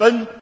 Pan